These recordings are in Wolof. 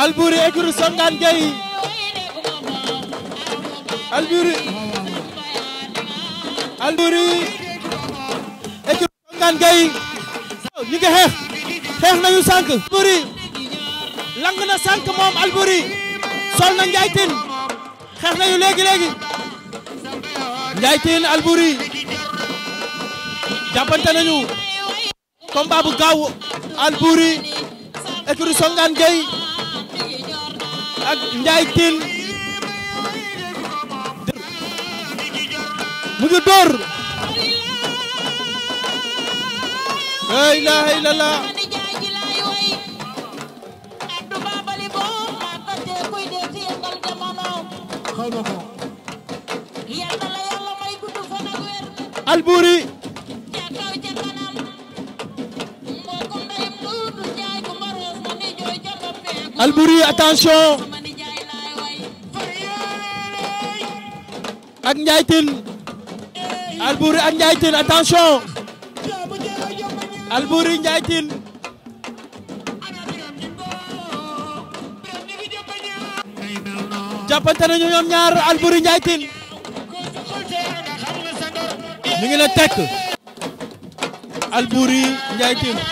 Alboury écurie Songane Gueye Alboury Alboury écurie Songane Gueye ñu ngi xeex xeex nañu sànq lang na sànq moom Alboury sol na Ndiaye Tine xeex nañu léegi léegi Ndiaye Tine Alboury jàppante nañu combat gaaw Alboury écurie Songane Gueye ak Ndiaye Tine mu ngi door ak Ndiaye Tine Alboury ak Ndiaye Tine attention Alboury Ndiaye Tine jàppante ñoom ñaar Alboury Ndiaye Tine mi ngi na tekk Alboury Ndiaye Tine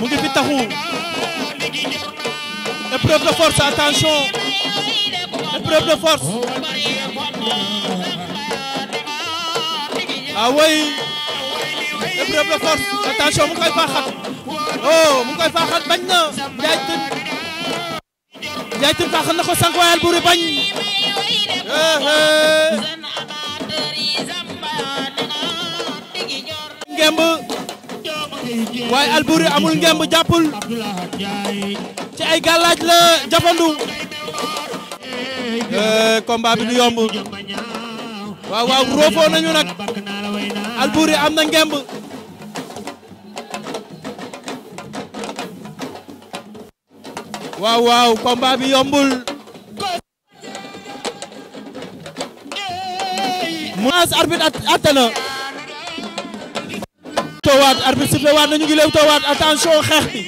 mu ngi fi taxu épreuve de force attention épreuve de force ah épreuve de force attention mu ngi koy faaxat oh, mu ngi koy bañ na Ndiaye Tine Ndiaye Tine faaxat na ko sànq waaye Alboury bañ eh, eh. waaye Alboury amul ngemb jàppul ci ay gàllaaj la jafandu eh, combat bi du yomb waaw waaw roofoo nañu nag Alboury am na ngemb waaw waaw combat bi yombul mu naas arbitre waat arbitre sifflé waat nañu ngi lewtoo waat attention xeex bi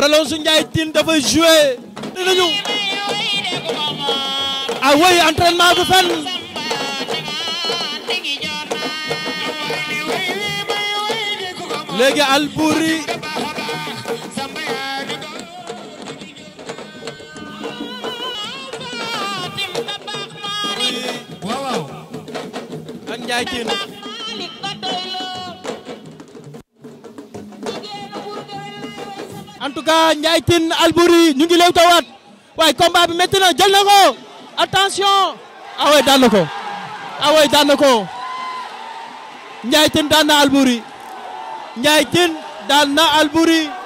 Rallonge Ndiaye Tine dafay jouer te nañu ah oui entraînement bu fenn léegi Albouri Njaay Jéen en tout cas Ndiaye Tine ñu ngi lew tawaat waaye combat bi métti na na ko attention ah daan na ko ah daan na ko Ndiaye daan na Albouri Ndiaye daan na Albouri